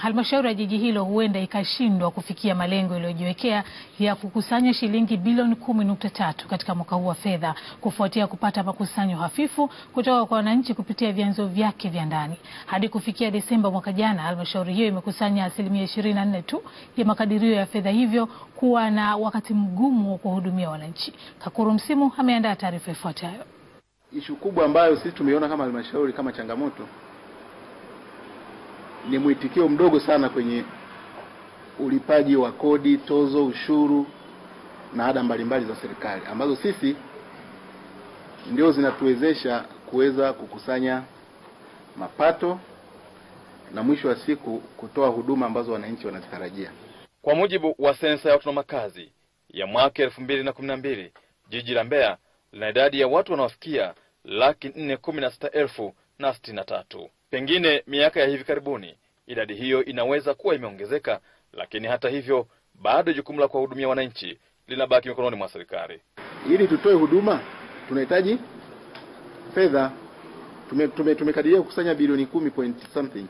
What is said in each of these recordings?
halmashauri ya jiji hilo huenda ikashindwa kufikia malengo iliyojiwekea ya kukusanya shilingi bilioni kumi nukta tatu katika mwaka huu wa fedha kufuatia kupata makusanyo hafifu kutoka kwa wananchi kupitia vyanzo vyake vya ndani. Hadi kufikia Desemba mwaka jana, halmashauri hiyo imekusanya asilimia ishirini na nne tu ya makadirio ya fedha, hivyo kuwa na wakati mgumu wa kuwahudumia wananchi. Kakuru Msimu ameandaa taarifa ifuatayo. Ishu kubwa ambayo sisi tumeiona kama halmashauri kama changamoto ni mwitikio mdogo sana kwenye ulipaji wa kodi, tozo, ushuru na ada mbalimbali za serikali ambazo sisi ndio zinatuwezesha kuweza kukusanya mapato na mwisho wa siku kutoa huduma ambazo wananchi wanazitarajia. Kwa mujibu wa sensa ya watu na makazi ya mwaka elfu mbili na kumi na mbili, jiji la Mbeya lina idadi ya watu wanaofikia laki nne kumi na sita elfu na sitini na tatu. Pengine miaka ya hivi karibuni idadi hiyo inaweza kuwa imeongezeka, lakini hata hivyo bado jukumu la kuwahudumia wananchi linabaki mikononi mwa serikali. Ili tutoe huduma tunahitaji fedha. Tumekadiria tume, tume kukusanya bilioni kumi point something.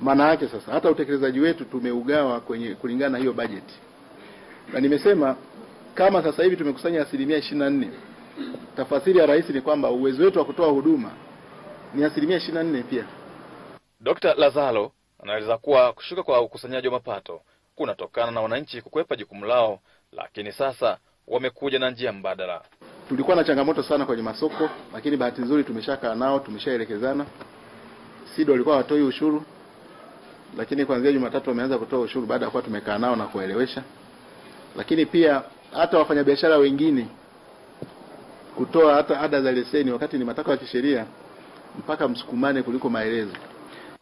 Maana yake sasa hata utekelezaji wetu tumeugawa kwenye kulingana na hiyo bajeti, na nimesema kama sasa hivi tumekusanya asilimia ishirini na nne tafasiri ya rahisi ni kwamba uwezo wetu wa kutoa huduma ni asilimia ishirini na nne pia. Dr. Lazaro anaeleza kuwa kushuka kwa ukusanyaji wa mapato kunatokana na wananchi kukwepa jukumu lao, lakini sasa wamekuja na njia mbadala. Tulikuwa na changamoto sana kwenye masoko, lakini bahati nzuri tumeshakaa nao, tumeshaelekezana. SIDO walikuwa watoi ushuru, lakini kuanzia Jumatatu wameanza kutoa ushuru baada ya kuwa tumekaa nao na kuelewesha. Lakini pia hata wafanyabiashara wengine kutoa hata ada za leseni, wakati ni matakwa ya kisheria, mpaka msukumane kuliko maelezo.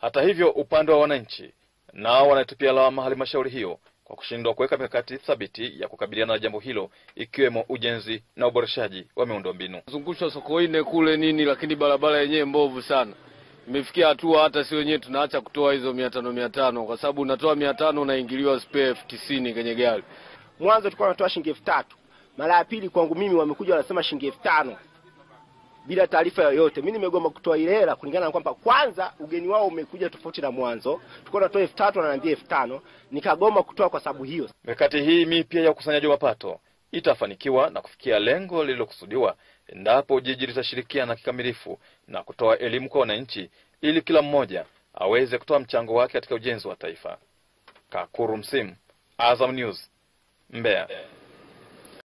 Hata hivyo, upande wa wananchi nao wanatupia lawama halmashauri hiyo kwa kushindwa kuweka mikakati thabiti ya kukabiliana na jambo hilo ikiwemo ujenzi na uboreshaji wa miundombinu. Zungushwa Sokoine kule nini, lakini barabara yenyewe mbovu sana. Imefikia hatua hata si wenyewe tunaacha kutoa hizo mia tano mia tano kwa sababu unatoa mia tano unaingiliwa spare elfu tisini kwenye gari. Mwanzo tulikuwa tunatoa shilingi elfu tatu mara ya pili kwangu mimi wamekuja wanasema shilingi elfu tano bila taarifa yoyote. Mimi nimegoma kutoa ile hela kulingana na kwamba kwanza ugeni wao umekuja tofauti na mwanzo, tulikuwa natoa elfu tatu wananiambia elfu tano nikagoma kutoa kwa sababu hiyo. Mikakati hii mipya ya ukusanyaji wa mapato itafanikiwa na kufikia lengo lililokusudiwa endapo jiji litashirikiana kikamilifu na kutoa elimu kwa wananchi ili kila mmoja aweze kutoa mchango wake katika ujenzi wa taifa. Kakuru Msimu, Azam News, Mbeya.